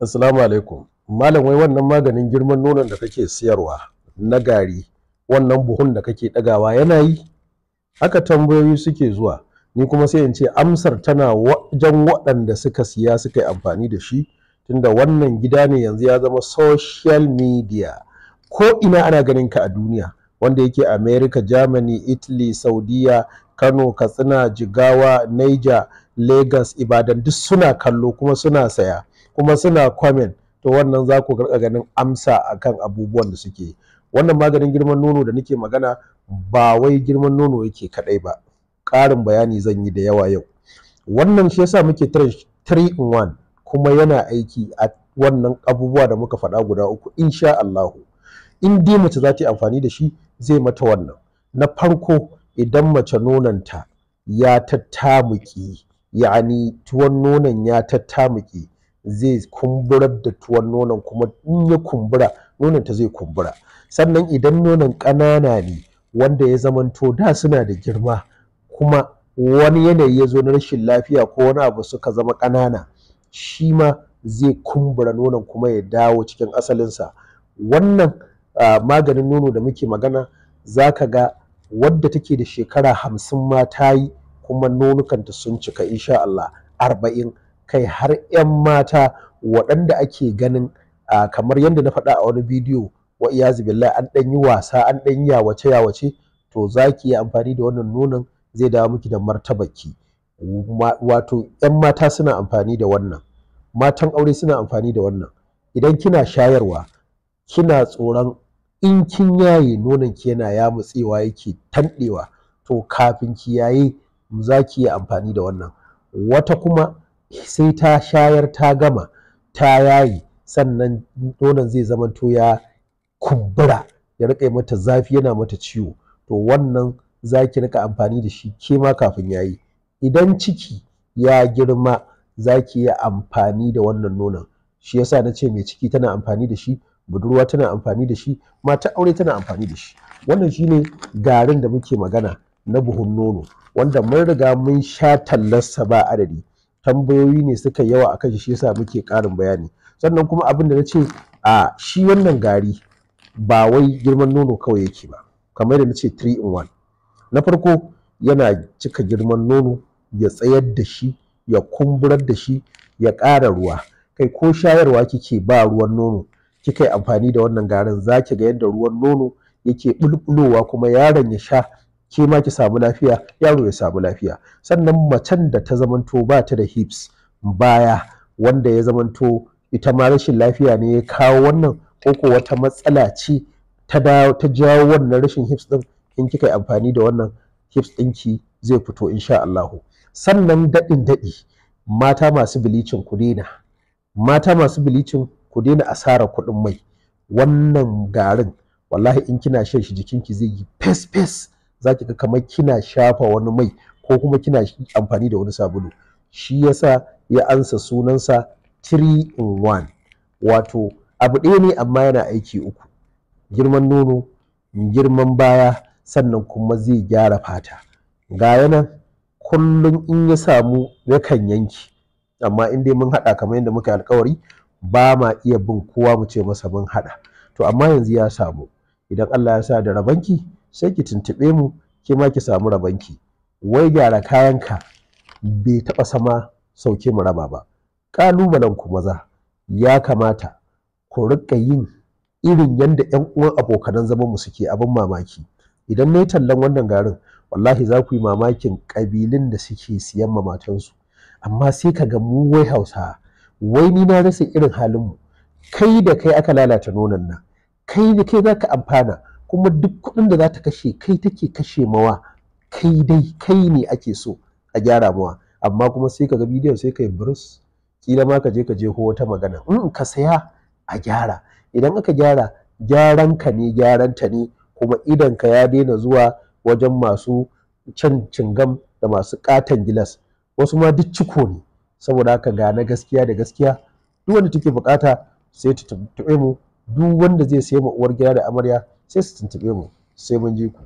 assalamu alaikum malam wai wannan maganin girman nonon da kake siyarwa na gari wannan buhun da kake ɗagawa yana yi haka tambayoyi suke zuwa ni kuma sai in ce amsar tana wajen waɗanda suka siya suka yi amfani da shi tunda wannan gida ne yanzu ya zama social media ko ina ana ganin ka a duniya wanda yake america germany italy saudiya kano katsina jigawa niger lagos ibadan duk suna kallo kuma suna saya kuma suna comment to wannan za ku karɓa ganin amsa a kan abubuwan da suke wannan maganin girman nono da nake magana ba wai girman nono yake kaɗai ba ƙarin bayani zan yi da yawa yau wannan shi yasa muke 3 in 1 kuma yana aiki a wannan abubuwa da muka faɗa guda uku insha Allahu in dai mace za ta yi amfani da shi zai mata wannan na farko idan mace ta ya tattamuki yani tuwon nonon ya tattamuki zai kumbura da tuwon nonon kuma in ya kumbura nonon ta zai kumbura sannan idan nonon ƙanana ne wanda ya zamanto da suna da girma kuma wani yanayi ya zo na rashin lafiya ko wani abu suka zama ƙanana shi ma zai kumbura nonon kuma ya dawo cikin asalinsa wannan maganin nono da muke magana za ka ga wadda take da shekara hamsin ma ta yi kuma nonukanta sun cika insha Allah arba'in kai har 'yan mata waɗanda ake ganin kamar yadda na faɗa a wani bidiyo wa iya billahi an ɗan yi wasa an ɗan yi yawace yawace to za ki yi amfani da wannan nonon zai dawo miki da martabaki wato 'yan mata suna amfani da wannan matan aure suna amfani da wannan idan kina shayarwa kina tsoron in kin yaye nonon ki yana mutsewa yake tanɗewa to kafin ki yaye za ki yi amfani da wannan wata kuma sai ta shayar ta gama ta yayi sannan nonon zai zamanto ya kumbura ya riƙa mata zafi yana mata ciwo to wannan za ki rika amfani da shi ke ma kafin yayi idan ciki ya girma za ki yi amfani da wannan nonon shi yasa na ce mai ciki tana amfani da shi budurwa tana amfani da shi mata aure tana amfani da shi wannan shine garin da muke magana na buhun nono wanda mun riga mun sha tallarsa ba adadi tambayoyi ne suka yawa akan shi shi yasa muke ƙarin bayani sannan kuma abin da na ce a shi wannan gari ba wai girman nono kawai yake ba kamar da na ce 3 in 1 na farko yana cika girman nono ya tsayar da shi ya kumburar da shi ya ƙara ruwa kai ko shayarwa kike ba ruwan nono kika yi amfani da wannan garin za ki ga yadda ruwan nono yake bulbulowa kuma yaron ya sha ke ma ki samu lafiya yaro ya samu lafiya sannan macen da ta zamanto ba ta da hips baya wanda ya zamanto ita ma rashin lafiya ne ya kawo wannan ko wata matsala ce ta jawo wannan rashin hips din in kika yi amfani da wannan hips ɗinki zai fito insha Allahu sannan daɗin daɗi mata masu bilicin ku daina mata masu bilicin ku daina asara kuɗin mai wannan garin wallahi in kina shan shi jikinki zai yi fes fes za ki ga kamar kina shafa wani mai ko kuma kina amfani da wani sabulu shi yasa ya ansa sunansa 3 in 1 wato abu ɗaya ne amma yana aiki uku girman nono girman baya sannan kuma zai gyara fata ga yanan kullum in ya samu yakan yanki amma in dai mun haɗa kamar yadda muka alkawari ba ma iya bin kowa mu ce masa mun haɗa to amma yanzu ya samu idan Allah ya sa da rabanki sai ki tuntuɓe mu ke ma ki samu rabanki wai gyara kayan ka bai taɓa sama sauke mu raba ba ƙalubalen ku maza ya kamata ku riƙa yin irin yadda 'yan uwan abokanan zaman mu suke abin mamaki idan na yi tallan wannan garin wallahi za ku yi mamakin ƙabilun da suke siyan ma matansu amma sai ka ga mu wai hausa wai ni na rasa irin halin mu kai da kai aka lalata nonon nan kai da kai za ka amfana kuma duk kuɗin da za ta kashe kai take kashe mawa kai dai kai ne ake so a gyara mawa amma kuma sai ka ga bidiyo sai ka yi burus kila ma ka je ka je ko wata magana in ka saya a gyara idan aka gyara gyaran ka ne gyaran ta ne kuma idan ka ya daina zuwa wajen masu can cingam da masu katon gilas wasu ma duk ciko ne saboda haka ga na gaskiya da gaskiya duk wanda take bukata sai ta tuɓe mu duk wanda zai sayi ma uwar gida da amarya sai su tuntuɓe mu sai mun ji ku